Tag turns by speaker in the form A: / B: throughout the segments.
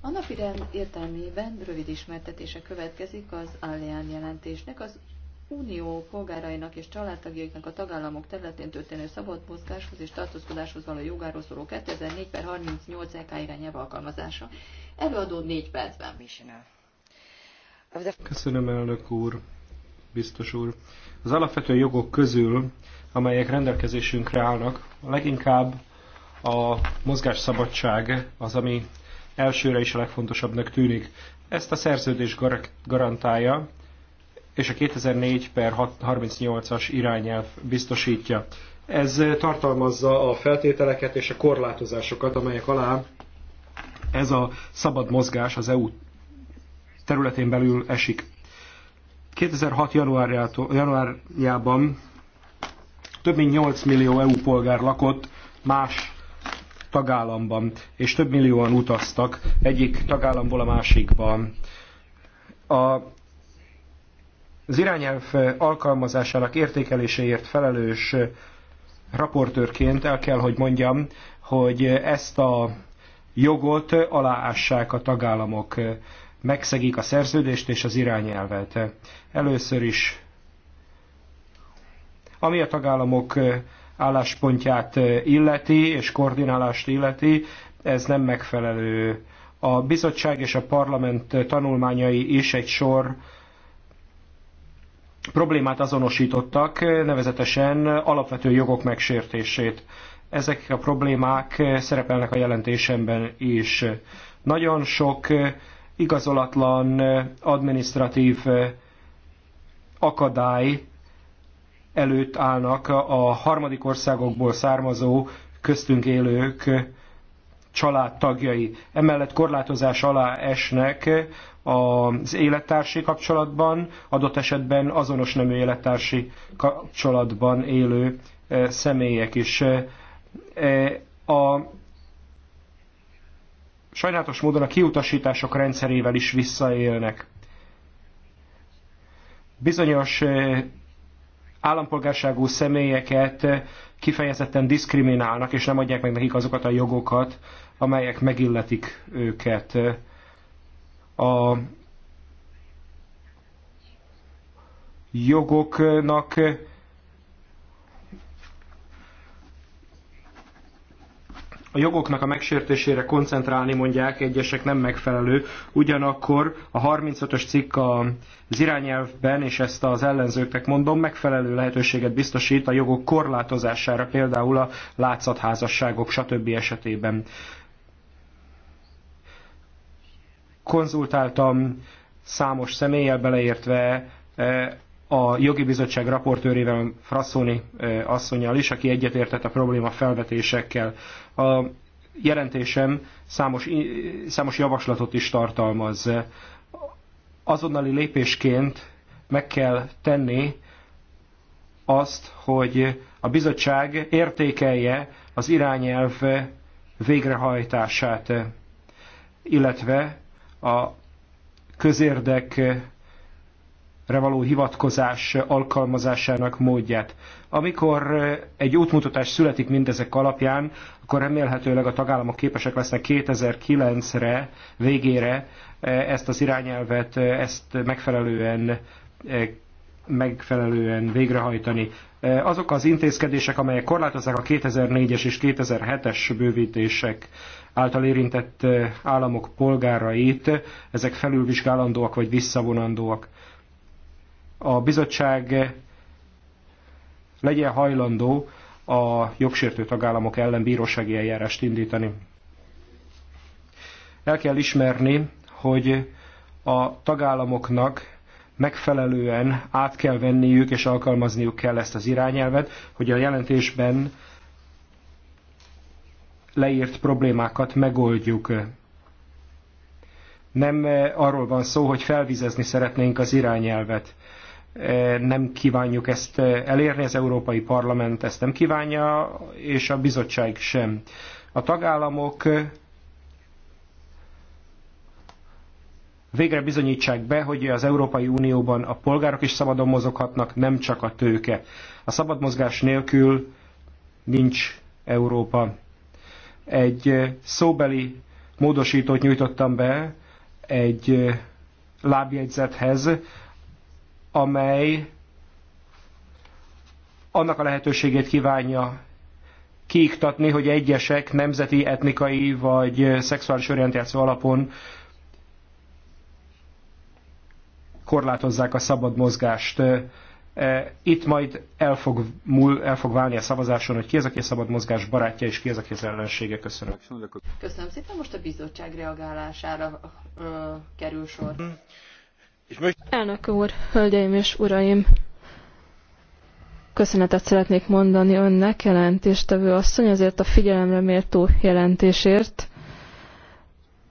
A: A napirem értelmében rövid ismertetése következik az Allian jelentésnek, az Unió polgárainak és családtagjaiknak a tagállamok területén történő szabad mozgáshoz és tartózkodáshoz való jogáról szóló 2004 per 38 EK irányelv alkalmazása. Előadó 4 percben.
B: Köszönöm, elnök úr, biztos úr. Az alapvető jogok közül, amelyek rendelkezésünkre állnak, a leginkább a mozgásszabadság az, ami elsőre is a legfontosabbnak tűnik. Ezt a szerződés garantálja, és a 2004 per 38-as irányelv biztosítja. Ez tartalmazza a feltételeket és a korlátozásokat, amelyek alá ez a szabad mozgás az EU területén belül esik. 2006. januárjában több mint 8 millió EU polgár lakott más tagállamban, és több millióan utaztak egyik tagállamból a másikba. A az irányelv alkalmazásának értékeléséért felelős raportőrként el kell, hogy mondjam, hogy ezt a jogot aláássák a tagállamok, megszegik a szerződést és az irányelvet. Először is, ami a tagállamok álláspontját illeti, és koordinálást illeti, ez nem megfelelő. A bizottság és a parlament tanulmányai is egy sor problémát azonosítottak, nevezetesen alapvető jogok megsértését. Ezek a problémák szerepelnek a jelentésemben is. Nagyon sok igazolatlan administratív akadály előtt állnak a harmadik országokból származó köztünk élők családtagjai. Emellett korlátozás alá esnek az élettársi kapcsolatban, adott esetben azonos nemű élettársi kapcsolatban élő e, személyek is. E, a sajnálatos módon a kiutasítások rendszerével is visszaélnek. Bizonyos e, állampolgárságú személyeket kifejezetten diszkriminálnak, és nem adják meg nekik azokat a jogokat, amelyek megilletik őket. A jogoknak a jogoknak a megsértésére koncentrálni, mondják, egyesek nem megfelelő. Ugyanakkor a 35-ös cikk az irányelvben, és ezt az ellenzőknek mondom, megfelelő lehetőséget biztosít a jogok korlátozására, például a látszatházasságok, stb. esetében. Konzultáltam számos személlyel beleértve eh, a jogi bizottság raportőrével, Frasszoni asszonyjal is, aki egyetértett a probléma felvetésekkel. A jelentésem számos, számos javaslatot is tartalmaz. Azonnali lépésként meg kell tenni azt, hogy a bizottság értékelje az irányelv végrehajtását, illetve a közérdek való hivatkozás alkalmazásának módját. Amikor egy útmutatás születik mindezek alapján, akkor remélhetőleg a tagállamok képesek lesznek 2009-re, végére ezt az irányelvet, ezt megfelelően megfelelően végrehajtani. Azok az intézkedések, amelyek korlátozzák a 2004-es és 2007-es bővítések által érintett államok polgárait, ezek felülvizsgálandóak vagy visszavonandóak a bizottság legyen hajlandó a jogsértő tagállamok ellen bírósági eljárást indítani. El kell ismerni, hogy a tagállamoknak megfelelően át kell venniük és alkalmazniuk kell ezt az irányelvet, hogy a jelentésben leírt problémákat megoldjuk. Nem arról van szó, hogy felvizezni szeretnénk az irányelvet nem kívánjuk ezt eh, elérni, az Európai Parlament ezt nem kívánja, és a bizottság sem. A tagállamok eh, végre bizonyítsák be, hogy az Európai Unióban a polgárok is szabadon mozoghatnak, nem csak a tőke. A szabad mozgás nélkül nincs Európa. Egy eh, szóbeli módosítót nyújtottam be egy lábjegyzethez, amely annak a lehetőségét kívánja kiiktatni, hogy egyesek nemzeti, etnikai vagy szexuális orientáció alapon korlátozzák a szabad mozgást. Itt majd el fog, múl, el fog válni a szavazáson, hogy ki az, aki a szabad mozgás barátja, és ki az, aki az ellensége. Köszönöm.
A: Köszönöm szépen. Most a bizottság reagálására ö, kerül sor.
C: Elnök úr, hölgyeim és uraim! Köszönetet szeretnék mondani önnek, jelentéstevő asszony, ezért a figyelemre méltó jelentésért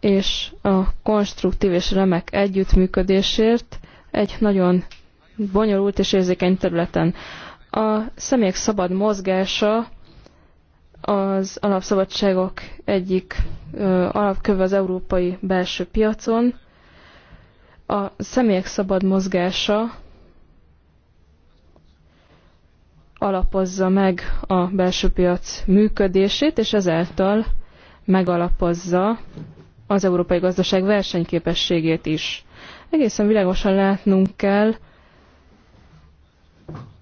C: és a konstruktív és remek együttműködésért egy nagyon bonyolult és érzékeny területen. A személyek szabad mozgása az alapszabadságok egyik alapköve az európai belső piacon, a személyek szabad mozgása alapozza meg a belső piac működését, és ezáltal megalapozza az európai gazdaság versenyképességét is. Egészen világosan látnunk kell,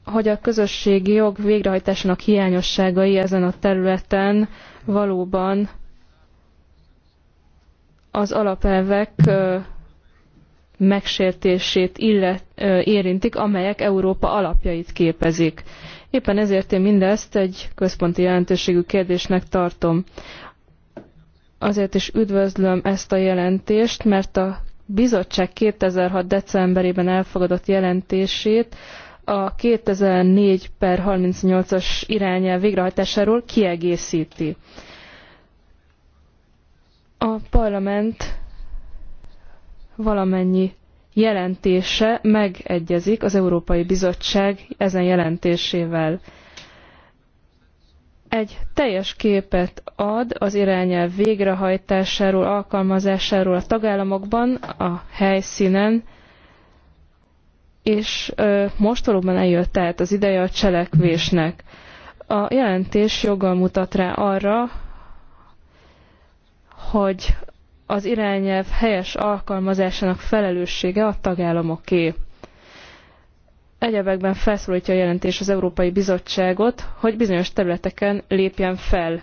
C: hogy a közösségi jog végrehajtásának hiányosságai ezen a területen valóban az alapelvek megsértését illet, érintik, amelyek Európa alapjait képezik. Éppen ezért én mindezt egy központi jelentőségű kérdésnek tartom. Azért is üdvözlöm ezt a jelentést, mert a bizottság 2006. decemberében elfogadott jelentését a 2004 per 38-as irányel végrehajtásáról kiegészíti. A parlament valamennyi jelentése megegyezik az Európai Bizottság ezen jelentésével. Egy teljes képet ad az irányelv végrehajtásáról, alkalmazásáról a tagállamokban, a helyszínen, és most valóban eljött tehát az ideje a cselekvésnek. A jelentés joggal mutat rá arra, hogy az irányelv helyes alkalmazásának felelőssége a tagállamoké. Egyebekben felszólítja a jelentés az Európai Bizottságot, hogy bizonyos területeken lépjen fel.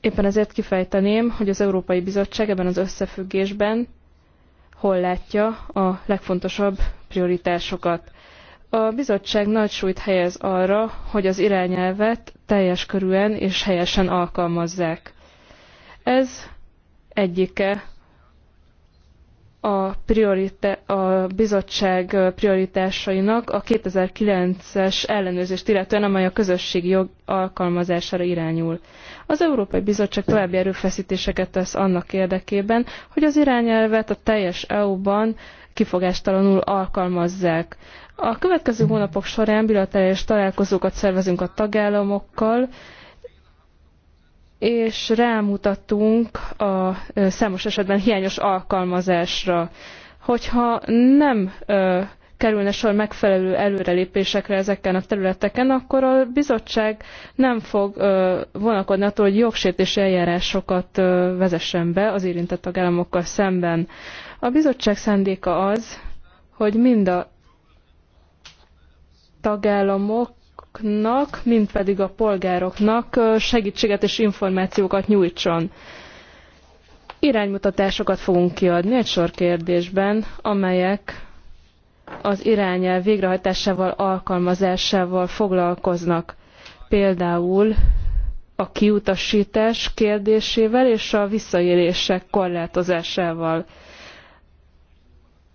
C: Éppen ezért kifejteném, hogy az Európai Bizottság ebben az összefüggésben hol látja a legfontosabb prioritásokat. A bizottság nagy súlyt helyez arra, hogy az irányelvet teljes körűen és helyesen alkalmazzák. Ez egyike a, a bizottság prioritásainak a 2009-es ellenőrzést illetően, amely a közösségi jog alkalmazására irányul. Az Európai Bizottság további erőfeszítéseket tesz annak érdekében, hogy az irányelvet a teljes EU-ban kifogástalanul alkalmazzák. A következő hónapok során bilaterális találkozókat szervezünk a tagállamokkal, és rámutattunk a számos esetben hiányos alkalmazásra. Hogyha nem kerülne sor megfelelő előrelépésekre ezeken a területeken, akkor a bizottság nem fog ö, vonakodni attól, hogy jogsértési eljárásokat vezessen be az érintett tagállamokkal szemben. A bizottság szándéka az, hogy mind a tagállamok tagállamoknak, mind pedig a polgároknak segítséget és információkat nyújtson. Iránymutatásokat fogunk kiadni egy sor kérdésben, amelyek az irányelv végrehajtásával, alkalmazásával foglalkoznak. Például a kiutasítás kérdésével és a visszaélések korlátozásával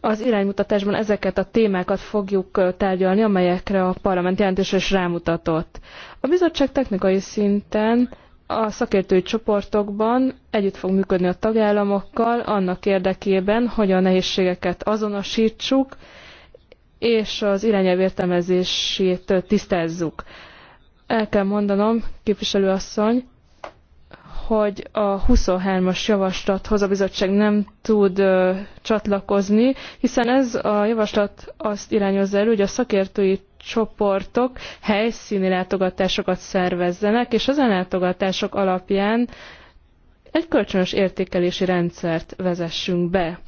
C: az iránymutatásban ezeket a témákat fogjuk tárgyalni, amelyekre a parlament jelentése is rámutatott. A bizottság technikai szinten a szakértői csoportokban együtt fog működni a tagállamokkal annak érdekében, hogy a nehézségeket azonosítsuk, és az irányelv értelmezését tisztázzuk. El kell mondanom, képviselőasszony, hogy a 23-as javaslathoz a bizottság nem tud ö, csatlakozni, hiszen ez a javaslat azt irányozza elő, hogy a szakértői csoportok helyszíni látogatásokat szervezzenek, és ezen látogatások alapján egy kölcsönös értékelési rendszert vezessünk be.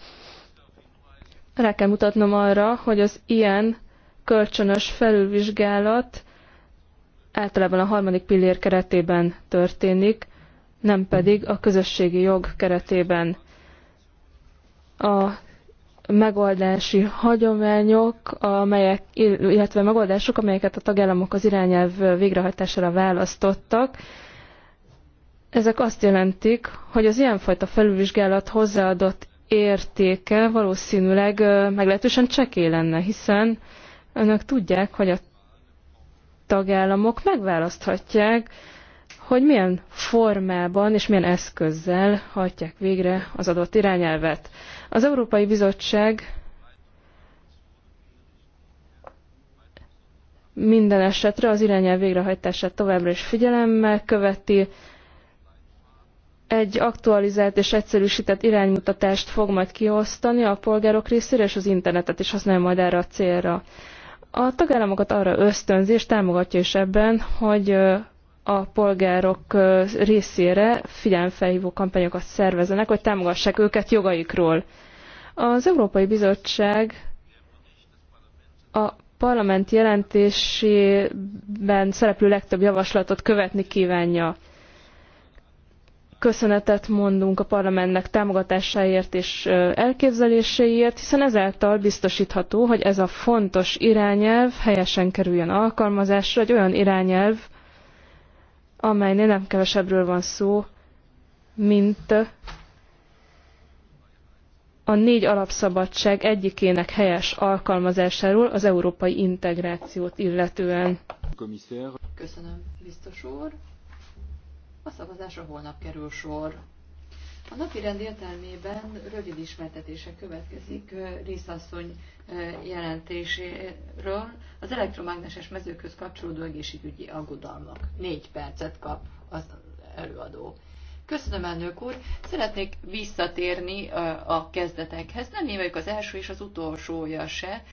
C: Rá kell mutatnom arra, hogy az ilyen kölcsönös felülvizsgálat általában a harmadik pillér keretében történik, nem pedig a közösségi jog keretében. A megoldási hagyományok, amelyek, illetve megoldások, amelyeket a tagállamok az irányelv végrehajtására választottak, ezek azt jelentik, hogy az ilyenfajta felülvizsgálat hozzáadott értéke valószínűleg meglehetősen csekély lenne, hiszen önök tudják, hogy a tagállamok megválaszthatják, hogy milyen formában és milyen eszközzel hajtják végre az adott irányelvet. Az Európai Bizottság minden esetre az irányelv végrehajtását továbbra is figyelemmel követi, egy aktualizált és egyszerűsített iránymutatást fog majd kiosztani a polgárok részére, és az internetet is használja majd erre a célra. A tagállamokat arra ösztönzi és támogatja is ebben, hogy a polgárok részére figyelmfelhívó kampányokat szervezenek, hogy támogassák őket jogaikról. Az Európai Bizottság a parlament jelentésében szereplő legtöbb javaslatot követni kívánja. Köszönetet mondunk a parlamentnek támogatásáért és elképzeléséért, hiszen ezáltal biztosítható, hogy ez a fontos irányelv helyesen kerüljön alkalmazásra, egy olyan irányelv, amelynél nem kevesebbről van szó, mint a négy alapszabadság egyikének helyes alkalmazásáról az európai integrációt illetően.
A: Köszönöm, biztos úr. A szavazásra holnap kerül sor. A napi rend értelmében rövid ismertetése következik részasszony jelentéséről az elektromágneses mezőköz kapcsolódó egészségügyi aggodalmak. Négy percet kap az előadó. Köszönöm, elnök úr. Szeretnék visszatérni a kezdetekhez. Nem éveljük az első és az utolsója se,